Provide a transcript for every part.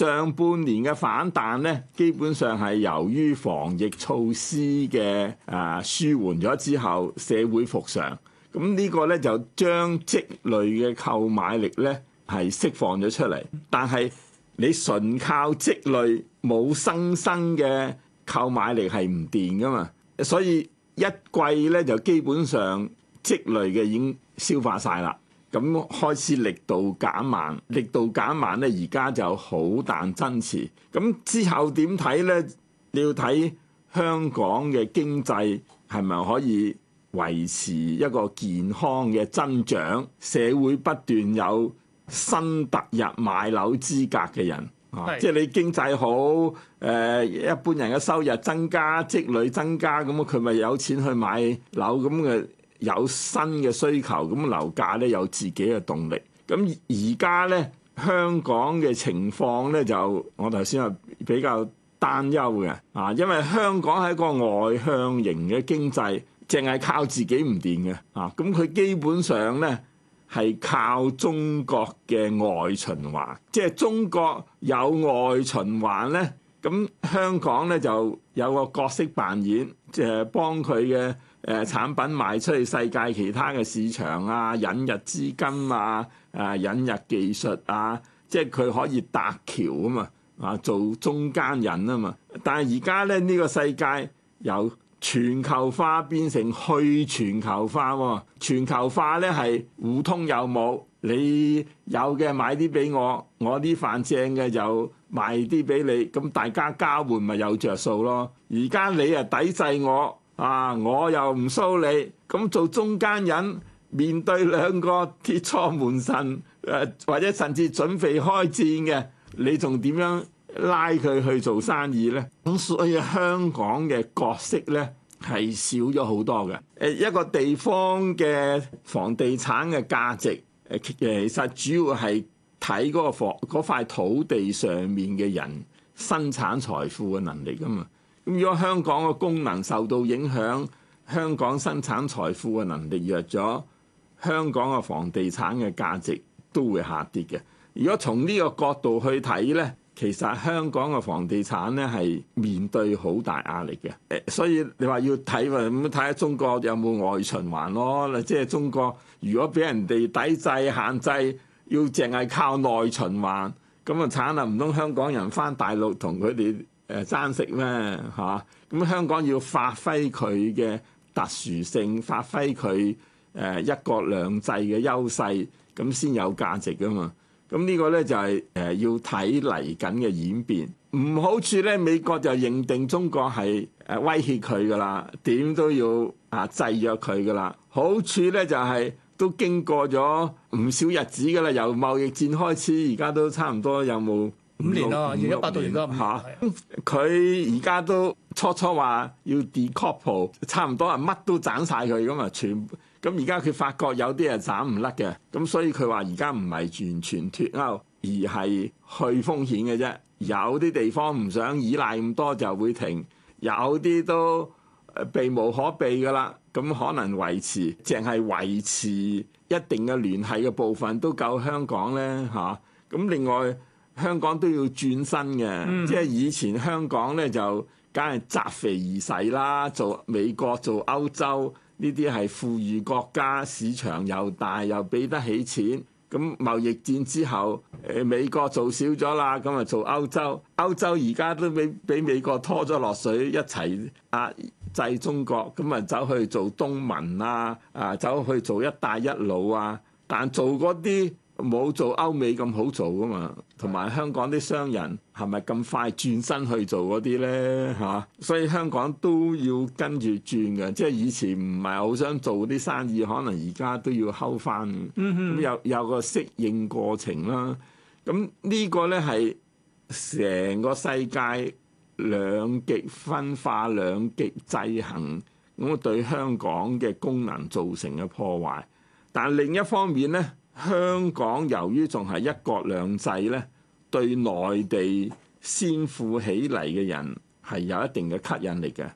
上半年嘅反彈呢，基本上係由於防疫措施嘅誒、啊、舒緩咗之後，社會復常，咁呢個呢，就將積累嘅購買力呢係釋放咗出嚟。但係你純靠積累冇新生嘅購買力係唔掂㗎嘛？所以一季呢，就基本上積累嘅已經消化晒啦。咁開始力度減慢，力度減慢咧，而家就好但爭持。咁之後點睇咧？你要睇香港嘅經濟係咪可以維持一個健康嘅增長？社會不斷有新突入買樓資格嘅人，是即係你經濟好，誒一般人嘅收入增加、積累增加，咁佢咪有錢去買樓咁嘅？有新嘅需求，咁樓價呢有自己嘅動力。咁而家呢，香港嘅情況呢，就，我頭先話比較擔憂嘅啊，因為香港係一個外向型嘅經濟，淨係靠自己唔掂嘅啊。咁，嗯，佢基本上呢係靠中國嘅外循環，即係中國有外循環呢。咁香港呢就有個角色扮演，即係幫佢嘅。誒產品賣出去世界其他嘅市場啊，引入資金啊，誒引入技術啊，即係佢可以搭橋啊嘛，啊做中間人啊嘛。但係而家咧呢個世界由全球化變成去全球化喎，啊。全球化咧係互通有冇，你有嘅買啲俾我，我啲飯正嘅就賣啲俾你，咁大家交換咪有着數咯。而家你啊抵制我。啊！我又唔蘇你，咁做中間人面對兩個鐵鎚門神，誒或者甚至準備開戰嘅，你仲點樣拉佢去做生意呢？咁所以香港嘅角色呢，係少咗好多嘅。誒一個地方嘅房地產嘅價值，誒其實主要係睇嗰個房嗰塊土地上面嘅人生產財富嘅能力噶嘛。咁如果香港嘅功能受到影響，香港生產財富嘅能力弱咗，香港嘅房地產嘅價值都會下跌嘅。如果從呢個角度去睇呢，其實香港嘅房地產呢係面對好大壓力嘅。所以你話要睇咪，咁睇下中國有冇外循環咯？即係中國如果俾人哋抵制限制，要淨係靠內循環，咁啊慘啊！唔通香港人返大陸同佢哋？誒爭食咩嚇？咁、啊、香港要發揮佢嘅特殊性，發揮佢誒一國兩制嘅優勢，咁先有價值噶嘛？咁、嗯、呢、呢個咧就係誒要睇嚟緊嘅演變。唔好處咧，美國就認定中國係誒威脅佢噶啦，點都要啊制約佢噶啦。好處咧就係、是、都經過咗唔少日子噶啦，由貿易戰開始，而家都差唔多有冇？五年啦，而家八到而家，嚇佢而家都初初話要 decouple，差唔多啊，乜都斬晒佢咁啊，全咁而家佢發覺有啲係斬唔甩嘅。咁所以佢話而家唔係完全脫鈎，而係去風險嘅啫。有啲地方唔想依賴咁多就會停，有啲都避無可避噶啦。咁可能維持淨係維持一定嘅聯繫嘅部分都夠香港咧嚇。咁、啊、另外。香港都要轉身嘅，嗯、即係以前香港呢，就梗係擇肥而噬啦，做美國做歐洲呢啲係富裕國家市場又大又俾得起錢。咁貿易戰之後，誒、呃、美國做少咗啦，咁啊做歐洲，歐洲而家都俾俾美國拖咗落水，一齊壓、啊、制中國。咁啊走去做東盟啊，啊走去做一帶一路啊，但做嗰啲。冇做歐美咁好做㗎嘛，同埋香港啲商人係咪咁快轉身去做嗰啲呢？嚇、啊？所以香港都要跟住轉嘅，即係以前唔係好想做啲生意，可能而家都要溝翻。嗯哼有有個適應過程啦。咁呢個呢係成個世界兩極分化、兩極制衡，咁對香港嘅功能造成嘅破壞。但另一方面呢。香港由於仲係一國兩制呢，對內地先富起嚟嘅人係有一定嘅吸引力嘅。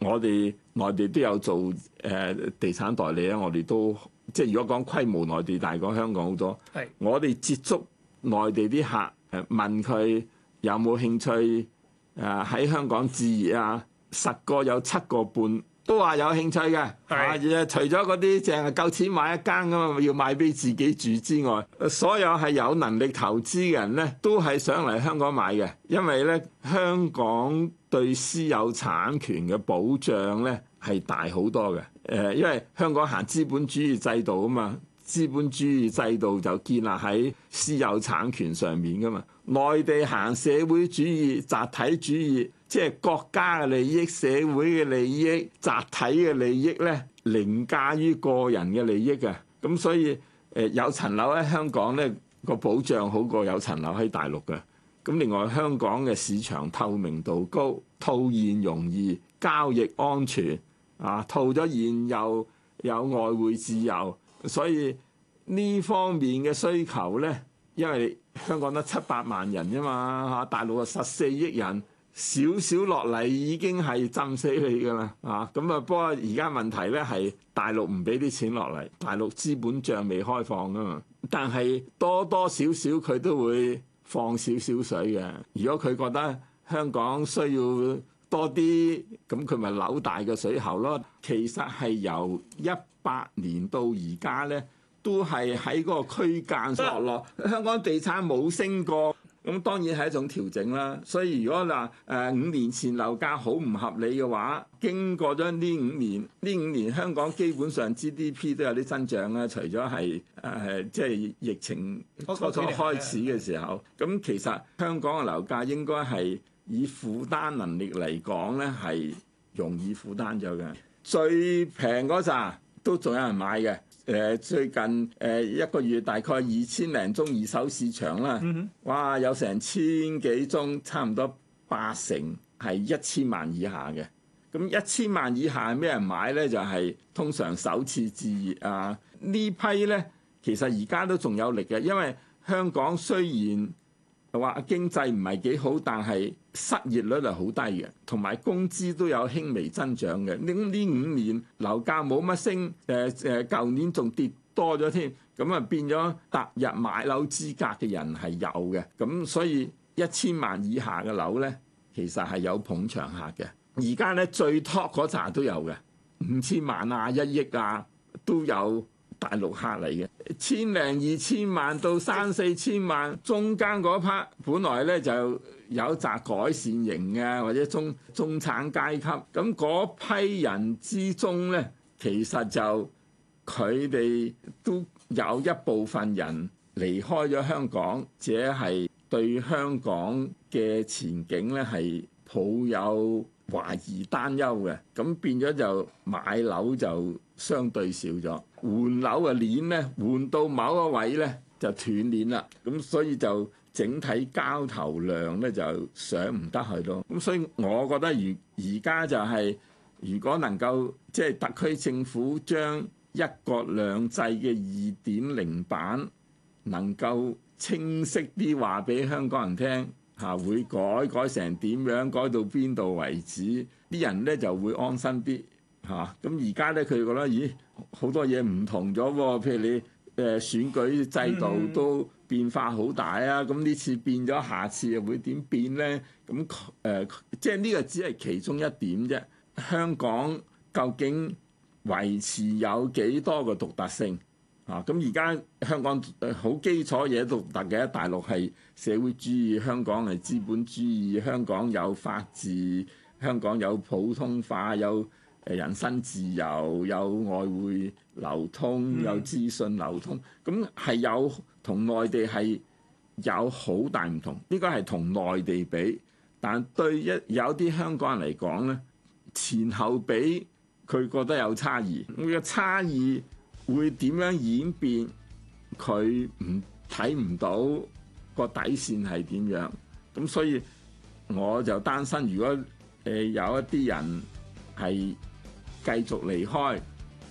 我哋內地都有做誒地產代理啊，我哋都即係如果講規模，內地大過香港好多。是我哋接觸內地啲客誒，問佢有冇興趣誒喺香港置業啊，十個有七個半。都話有興趣嘅，對啊，除咗嗰啲淨係夠錢買一間㗎嘛，要買俾自己住之外，所有係有能力投資嘅人呢，都係想嚟香港買嘅，因為呢，香港對私有產權嘅保障呢，係大好多嘅。誒、呃，因為香港行資本主義制度啊嘛，資本主義制度就建立喺私有產權上面噶嘛，內地行社會主義、集體主義。即係國家嘅利益、社會嘅利益、集體嘅利益呢，凌駕於個人嘅利益嘅。咁所以誒，有層樓喺香港呢個保障好過有層樓喺大陸嘅。咁另外，香港嘅市場透明度高，套現容易，交易安全啊，套咗現又有，有外匯自由，所以呢方面嘅需求呢，因為香港得七百萬人啫嘛，嚇大陸啊十四億人。少少落嚟已經係浸死你㗎啦，啊！咁啊，不過而家問題呢，係大陸唔俾啲錢落嚟，大陸資本帳未開放㗎嘛。但係多多少少佢都會放少少水嘅。如果佢覺得香港需要多啲，咁佢咪扭大個水喉咯。其實係由一八年到而家呢，都係喺嗰個區間上落。香港地產冇升過。咁當然係一種調整啦。所以如果嗱誒五年前樓價好唔合理嘅話，經過咗呢五年，呢五年香港基本上 GDP 都有啲增長啦。除咗係誒即係疫情初初開始嘅時候，咁其實香港嘅樓價應該係以負擔能力嚟講咧，係容易負擔咗嘅。最平嗰陣都仲有人買嘅。誒最近誒一個月大概二千零宗二手市場啦，mm hmm. 哇有成千幾宗，差唔多八成係一千萬以下嘅。咁一千萬以下咩人買呢？就係、是、通常首次置業啊呢批呢，其實而家都仲有力嘅，因為香港雖然話經濟唔係幾好，但係失業率係好低嘅，同埋工資都有輕微增長嘅。呢呢五年樓價冇乜升，誒誒，舊年仲跌多咗添，咁啊變咗踏入買樓資格嘅人係有嘅，咁所以一千萬以下嘅樓咧，其實係有捧場客嘅。而家咧最 top 嗰扎都有嘅，五千萬啊，一億啊都有。大陸客嚟嘅，千零二千萬到三四千萬，中間嗰 part 本來咧就有啲改善型嘅，或者中中產階級，咁嗰批人之中咧，其實就佢哋都有一部分人離開咗香港，或者係對香港嘅前景咧係抱有懷疑、擔憂嘅，咁變咗就買樓就相對少咗，換樓嘅鏈呢，換到某一位呢，就斷鏈啦，咁所以就整體交投量呢，就上唔得去囉，咁所以我覺得而而家就係、是、如果能夠即係、就是、特區政府將一國兩制嘅二點零版能夠清晰啲話俾香港人聽。嚇、啊、會改改成點樣？改到邊度為止？啲人呢就會安心啲嚇。咁而家呢，佢覺得咦好多嘢唔同咗喎。譬如你誒、呃、選舉制度都變化好大啊。咁呢次變咗，下次又會點變呢？咁、啊、誒、呃，即係呢個只係其中一點啫。香港究竟維持有幾多個獨特性？咁而家香港好基礎嘢都獨特嘅，大陸係社會主義，香港係資本主義，香港有法治，香港有普通法，有誒人身自由，有外匯流通，有資訊流通，咁係、嗯、有同內地係有好大唔同。應該係同內地比，但對一有啲香港人嚟講呢，前後比佢覺得有差異，會、那、有、個、差異。會點樣演變？佢唔睇唔到個底線係點樣？咁所以我就擔心，如果誒有一啲人係繼續離開，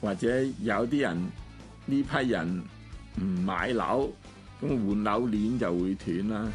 或者有啲人呢批人唔買樓，咁換樓鏈就會斷啦。